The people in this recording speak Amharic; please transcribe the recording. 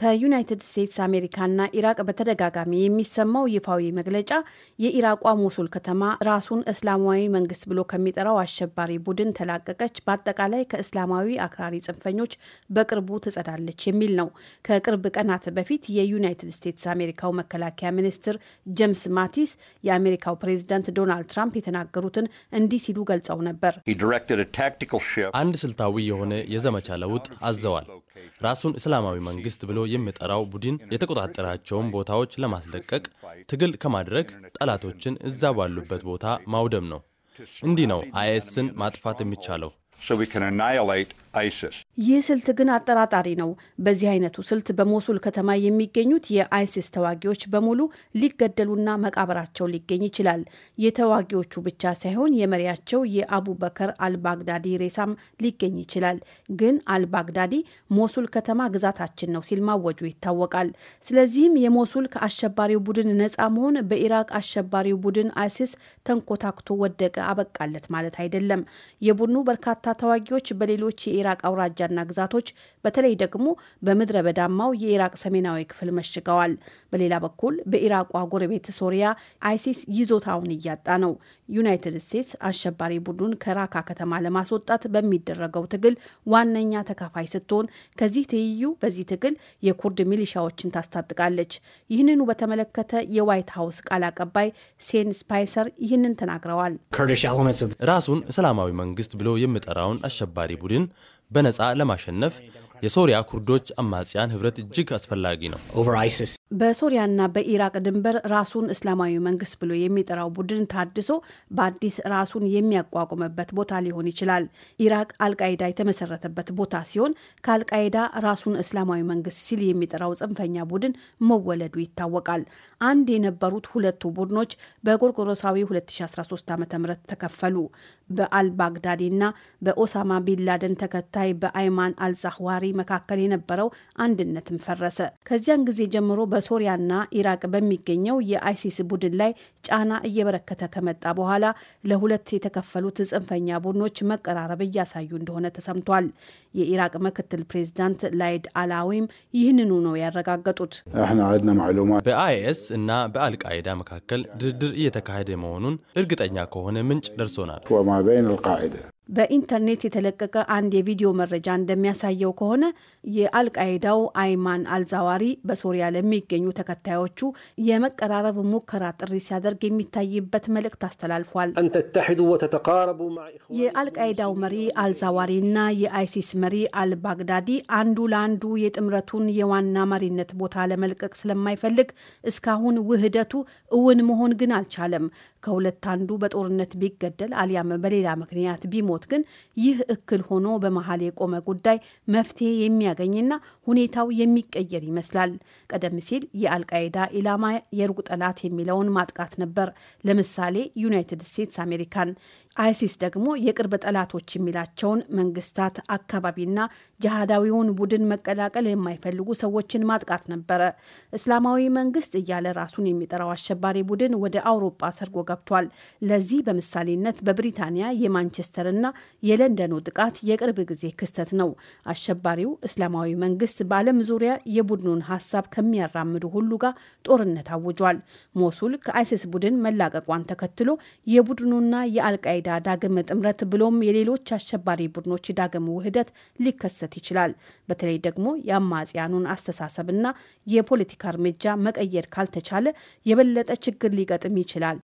ከዩናይትድ ስቴትስ አሜሪካና ኢራቅ በተደጋጋሚ የሚሰማው ይፋዊ መግለጫ የኢራቋ ሞሱል ከተማ ራሱን እስላማዊ መንግስት ብሎ ከሚጠራው አሸባሪ ቡድን ተላቀቀች፣ በአጠቃላይ ከእስላማዊ አክራሪ ጽንፈኞች በቅርቡ ትጸዳለች የሚል ነው። ከቅርብ ቀናት በፊት የዩናይትድ ስቴትስ አሜሪካው መከላከያ ሚኒስትር ጄምስ ማቲስ የአሜሪካው ፕሬዚዳንት ዶናልድ ትራምፕ የተናገሩትን እንዲህ ሲሉ ገልጸው ነበር። አንድ ስልታዊ የሆነ የዘመቻ ለውጥ አዘዋል። ራሱን እስላማዊ መንግስት ብሎ የምጠራው ቡድን የተቆጣጠራቸውን ቦታዎች ለማስለቀቅ ትግል ከማድረግ ጠላቶችን እዛ ባሉበት ቦታ ማውደም ነው። እንዲህ ነው አይኤስን ማጥፋት የሚቻለው። ይህ ስልት ግን አጠራጣሪ ነው። በዚህ አይነቱ ስልት በሞሱል ከተማ የሚገኙት የአይሲስ ተዋጊዎች በሙሉ ሊገደሉና መቃብራቸው ሊገኝ ይችላል። የተዋጊዎቹ ብቻ ሳይሆን የመሪያቸው የአቡበከር አልባግዳዲ ሬሳም ሊገኝ ይችላል። ግን አልባግዳዲ ሞሱል ከተማ ግዛታችን ነው ሲል ማወጁ ይታወቃል። ስለዚህም የሞሱል ከአሸባሪው ቡድን ነፃ መሆን በኢራቅ አሸባሪው ቡድን አይሲስ ተንኮታክቶ ወደቀ አበቃለት ማለት አይደለም። የቡድኑ በርካታ ተዋጊዎች በሌሎች የኢራቅ አውራጃ ዋና ግዛቶች በተለይ ደግሞ በምድረ በዳማው የኢራቅ ሰሜናዊ ክፍል መሽገዋል። በሌላ በኩል በኢራቋ ጎረቤት ሶሪያ አይሲስ ይዞታውን እያጣ ነው። ዩናይትድ ስቴትስ አሸባሪ ቡድኑን ከራካ ከተማ ለማስወጣት በሚደረገው ትግል ዋነኛ ተካፋይ ስትሆን ከዚህ ትይዩ በዚህ ትግል የኩርድ ሚሊሻዎችን ታስታጥቃለች። ይህንኑ በተመለከተ የዋይት ሀውስ ቃል አቀባይ ሴን ስፓይሰር ይህንን ተናግረዋል። ራሱን እስላማዊ መንግስት ብሎ የሚጠራውን አሸባሪ ቡድን በነፃ ለማሸነፍ የሶሪያ ኩርዶች አማጽያን ህብረት እጅግ አስፈላጊ ነው። በሶሪያና በኢራቅ ድንበር ራሱን እስላማዊ መንግስት ብሎ የሚጠራው ቡድን ታድሶ በአዲስ ራሱን የሚያቋቁምበት ቦታ ሊሆን ይችላል። ኢራቅ አልቃይዳ የተመሰረተበት ቦታ ሲሆን ከአልቃይዳ ራሱን እስላማዊ መንግስት ሲል የሚጠራው ጽንፈኛ ቡድን መወለዱ ይታወቃል። አንድ የነበሩት ሁለቱ ቡድኖች በጎርጎሮሳዊ 2013 ዓ ም ተከፈሉ። በአልባግዳዲና በኦሳማ ቢንላደን ተከታይ በአይማን አልዛህዋሪ መካከል የነበረው አንድነትም ፈረሰ። ከዚያን ጊዜ ጀምሮ በሶሪያና ኢራቅ በሚገኘው የአይሲስ ቡድን ላይ ጫና እየበረከተ ከመጣ በኋላ ለሁለት የተከፈሉት ጽንፈኛ ቡድኖች መቀራረብ እያሳዩ እንደሆነ ተሰምቷል። የኢራቅ ምክትል ፕሬዚዳንት ላይድ አላዊም ይህንኑ ነው ያረጋገጡት። በአይኤስ እና በአልቃይዳ መካከል ድርድር እየተካሄደ መሆኑን እርግጠኛ ከሆነ ምንጭ ደርሶናል። በኢንተርኔት የተለቀቀ አንድ የቪዲዮ መረጃ እንደሚያሳየው ከሆነ የአልቃይዳው አይማን አልዛዋሪ በሶሪያ ለሚገኙ ተከታዮቹ የመቀራረብ ሙከራ ጥሪ ሲያደርግ የሚታይበት መልእክት አስተላልፏል። የአልቃይዳው መሪ አልዛዋሪና የአይሲስ መሪ አልባግዳዲ አንዱ ለአንዱ የጥምረቱን የዋና መሪነት ቦታ ለመልቀቅ ስለማይፈልግ እስካሁን ውህደቱ እውን መሆን ግን አልቻለም። ከሁለት አንዱ በጦርነት ቢገደል አሊያም በሌላ ምክንያት ቢሞ ችሎት ግን ይህ እክል ሆኖ በመሀል የቆመ ጉዳይ መፍትሄ የሚያገኝና ሁኔታው የሚቀየር ይመስላል። ቀደም ሲል የአልቃይዳ ኢላማ የሩቅ ጠላት የሚለውን ማጥቃት ነበር። ለምሳሌ ዩናይትድ ስቴትስ አሜሪካን፣ አይሲስ ደግሞ የቅርብ ጠላቶች የሚላቸውን መንግስታት፣ አካባቢና ጅሃዳዊውን ቡድን መቀላቀል የማይፈልጉ ሰዎችን ማጥቃት ነበረ። እስላማዊ መንግስት እያለ ራሱን የሚጠራው አሸባሪ ቡድን ወደ አውሮፓ ሰርጎ ገብቷል። ለዚህ በምሳሌነት በብሪታንያ የማንቸስተርና የለንደኑ ጥቃት የቅርብ ጊዜ ክስተት ነው። አሸባሪው እስላማዊ መንግስት በዓለም ዙሪያ የቡድኑን ሀሳብ ከሚያራምዱ ሁሉ ጋር ጦርነት አውጇል። ሞሱል ከአይሲስ ቡድን መላቀቋን ተከትሎ የቡድኑና የአልቃይዳ ዳግም ጥምረት ብሎም የሌሎች አሸባሪ ቡድኖች ዳግም ውህደት ሊከሰት ይችላል። በተለይ ደግሞ የአማጽያኑን አስተሳሰብና የፖለቲካ እርምጃ መቀየር ካልተቻለ የበለጠ ችግር ሊገጥም ይችላል።